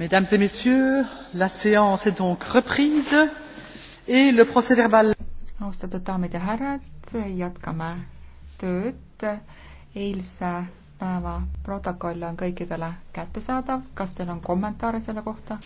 mesdames et messieurs la séance est donc reprise et le procès verbal austatud daamid ja härrad jätkame tööd eilse päeva protokoll on kõikidele kättesaadav kas teil on kommentaare selle kohta